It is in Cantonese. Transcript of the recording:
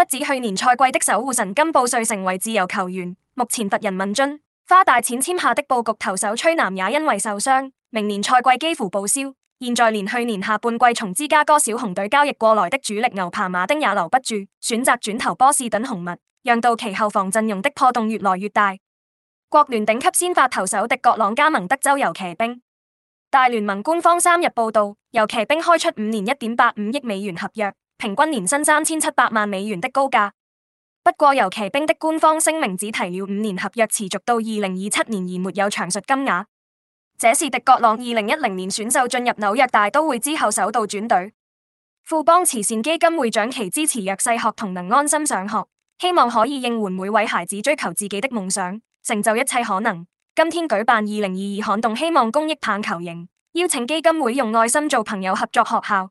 不止去年賽季的守護神金布瑞成為自由球員，目前乏人問津，花大錢簽下的布局投手崔南也因為受傷，明年賽季幾乎報銷。現在連去年下半季從芝加哥小熊隊交易過來的主力牛棚馬丁也留不住，選擇轉投波士頓紅襪，讓到其後防陣容的破洞越來越大。國聯頂級先發投手狄葛朗加盟德州遊騎兵，大聯盟官方三日報道，遊騎兵開出五年一點八五億美元合約。平均年薪三千七百萬美元的高價，不過遊騎兵的官方聲明只提了五年合約持續到二零二七年，而沒有詳述金額。這是狄葛朗二零一零年選秀進入紐約大都會之後，首度轉隊。富邦慈善基金會長期支持弱勢學童能安心上學，希望可以應援每位孩子追求自己的夢想，成就一切可能。今天舉辦二零二二罕動希望公益棒球營，邀請基金會用愛心做朋友合作學校。